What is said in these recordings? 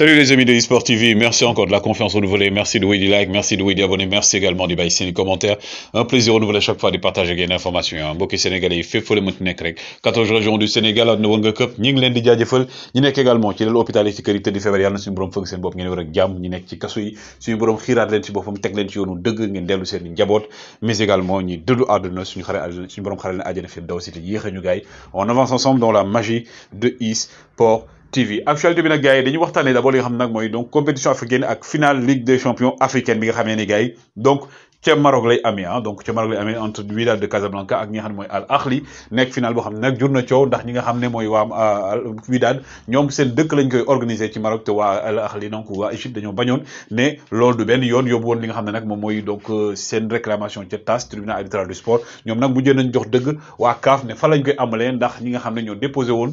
Salut les amis de eSport TV, merci encore de la confiance renouvelée, merci de vous des likes, merci de vous des abonnés, merci de baisser les commentaires. Un plaisir renouvelé à de partager des informations. Mbokki Sénégalais yi fépp nekk rek 14 du Sénégal àdduna woon këpp ñi leen di jaajëfal ñi nekk également ci lal hôpital yi ci kër yi tëdd feebar yàlla na suñu fëgg seen bopp ngeen war ak jàmm ñi nekk ci kaso yi suñu xiiraat leen ci boppam teg leen TV actualité bi nag gars yi dañuy waxtaanee d'abord li nga xam nag mooy donc compétition africaine ak xamee ni gars donc ca Maroc lay amee ah donc ca Maroc lay amee entre Wydad xam ne mooy Al Ahly nekk finale boo xam ne nag jur na coow ndax ñi ah, ñoom seen dëkk lañ koy organiser ci Maroc te waa Al Ahly donc waa Égypte dañoo bañoon ne loolu du benn yoon yóbbu woon li nga xam ne nag moom mooy donc euh, seen réclamation ca TAS tribunal arbitral du sport ñoom nag mujjee nañ jox dëgg waa CAF ne fa lañ koy amalee ndax ñi xam ne ñoo déposé woon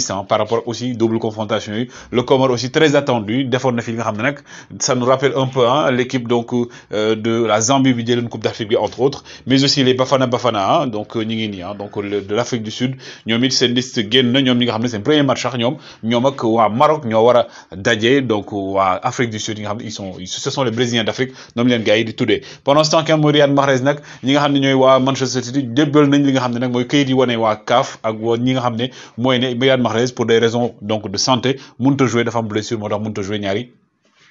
liste par rapport aussi double confrontation le combat aussi très attendu defoon na fi nga xam ne nag ça nous rappelle un peu l'équipe donc euh, de la Zambie bi jëloon Coupe d'Afrique bi entre autres mais aussi les Bafana Bafana donc euh, ñi ngi de l'Afrique du Sud ñoom it seen liste génn na nga xam ne seen premier match sax ñoom ñoom ak waa Maroc ñoo war a daje donc nga xam ne ils sont ce sont les Brésiliens d'Afrique ñoom leen nga xam ne ñooy waa Manchester nga xam ne nag mooy këyit nga xam ne mooy ne Riyad Mahrez pour des raisons donc de santé mënut a joué dafa am blessure moo tax mënut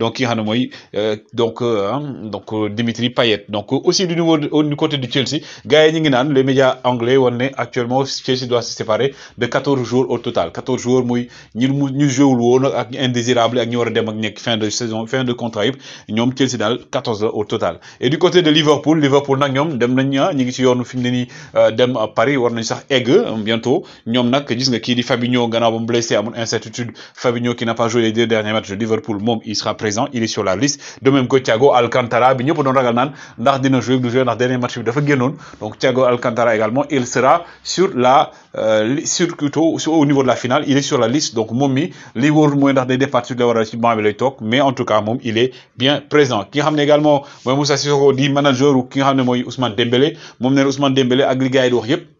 donc ki nga xam mooy donc euh, donc euh, Dimitri Payet donc euh, aussi du niveau du côté du Chelsea gars yi ñu ngi naan les médias anglais woon ne actuellement Chelsea doit se séparer de quatorze joueurs au total quatorze joueurs muy ñi mu ñu ak indésirable ak ñu war dem ak nekk fin de saison fin de contrat yëpp ñoom Chelsea daal quatorze la au total et du côté de Liverpool Liverpool nag ñoom dem nañ ah, ñi ngi ci yoonu fi mu ne nii dem Paris war nañ sax egg bientôt ñoom nag gis nga kii di Fabinho gannaaw ba mu présent il est sur la liste de même que Thiago Alcantara bi ñëpp doon ragal naan ndax dina jouer du jouer ndax dernier match bi dafa génnoon donc Thiago Alcantara également il sera sur la euh, sur au niveau de la finale il est sur la liste donc moom mi li wóorul mooy ndax day départ sur la war a ci banc bi lay toog mais en tout cas moom il est bien présent ki nga également mooy Moussa Sissoko di manager ou ki nga xam ne yëpp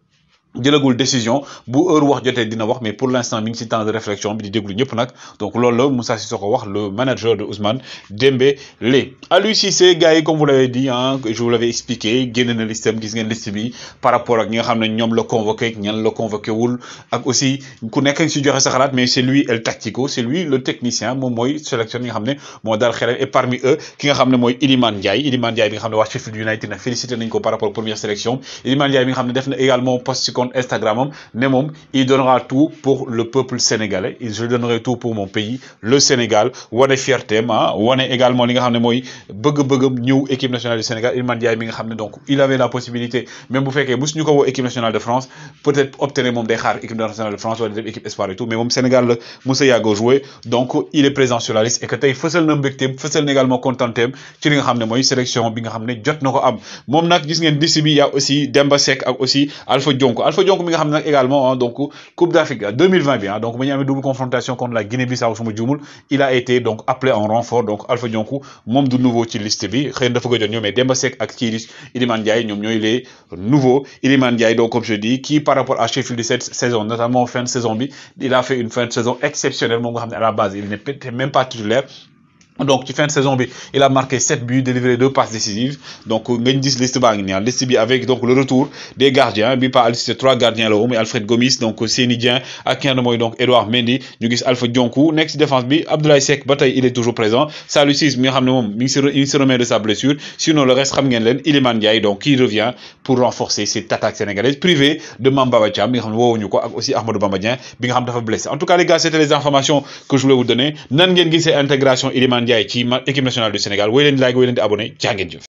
jëlagul décision bu heure wax jotee dina wax mais pour l'instant mi ngi ci temps de réflexion bi di déglu ñëpp nag donc loolu la Moussa Sissoko wax le manager de Ousmane Dembélé Aliou Cissé gars yi comme vous l'avez dit je vous l'avais expliqué génn na liste am gis ngeen liste par rapport ak nga xam ne ñoom la convoqué ñan la convoqué wul ak aussi ku nekk ci sa xalaat mais c'est lui el tactico c'est lui le technicien moom mooy sélection nga compte Instagram am moom il donnera tout pour le peuple sénégalais je donnerai tout pour mon pays le Sénégal wane fierté ma ah, wane également li nga xam ne mooy bëgg-bëggam ñëw équipe nationale du Sénégal Iliman Ndiaye mi nga xam ne donc il avait la possibilité même bu fekkee musuñu ko woo équipe nationale de France peut-être obtenir moom day xaar équipe nationale de France wala def équipe espoir et mais moom Sénégal la Moussa Yago joué donc il est présent sur la liste Alpha Dionk mi nga xam ne nag également donc Coupe d'Afrique bi mu ñu double confrontation contre la Guinée-Bissau su ma juumul il a été donc appelé en renfort donc Alpha Dionk moom du nouveau ci liste bi xëy na dafa ko jot ñoom mais Demba Seck ak Thierry Iliman Ndiaye ñoom ñooy les nouveaux Iliman Ndiaye donc comme je dis qui par rapport à Sheffield cette saison notamment fin de saison bi il a fait une fin de saison exceptionnelle moom nga xam ne donc fin de saison bi il a marqué sept délivré deux passes décisives donc ngeen gis liste baa ah, avec le retour des gardiens bi par Alfred Gomis donc Seny Dieng ak ki nga Edouard Mendy ñu gis Dionkou nekk défense bi Abdoulaye Seck ba il est toujours présent Saliou Ciss mi nga xam remet de sa blessure sinon le reste xam ngeen leen donc qui revient pour renforcer cette attaque sénégalaise privée de Mambaba Thiam Ndiaye ci équipe nationale du Sénégal woy leen di like woy leen di abonné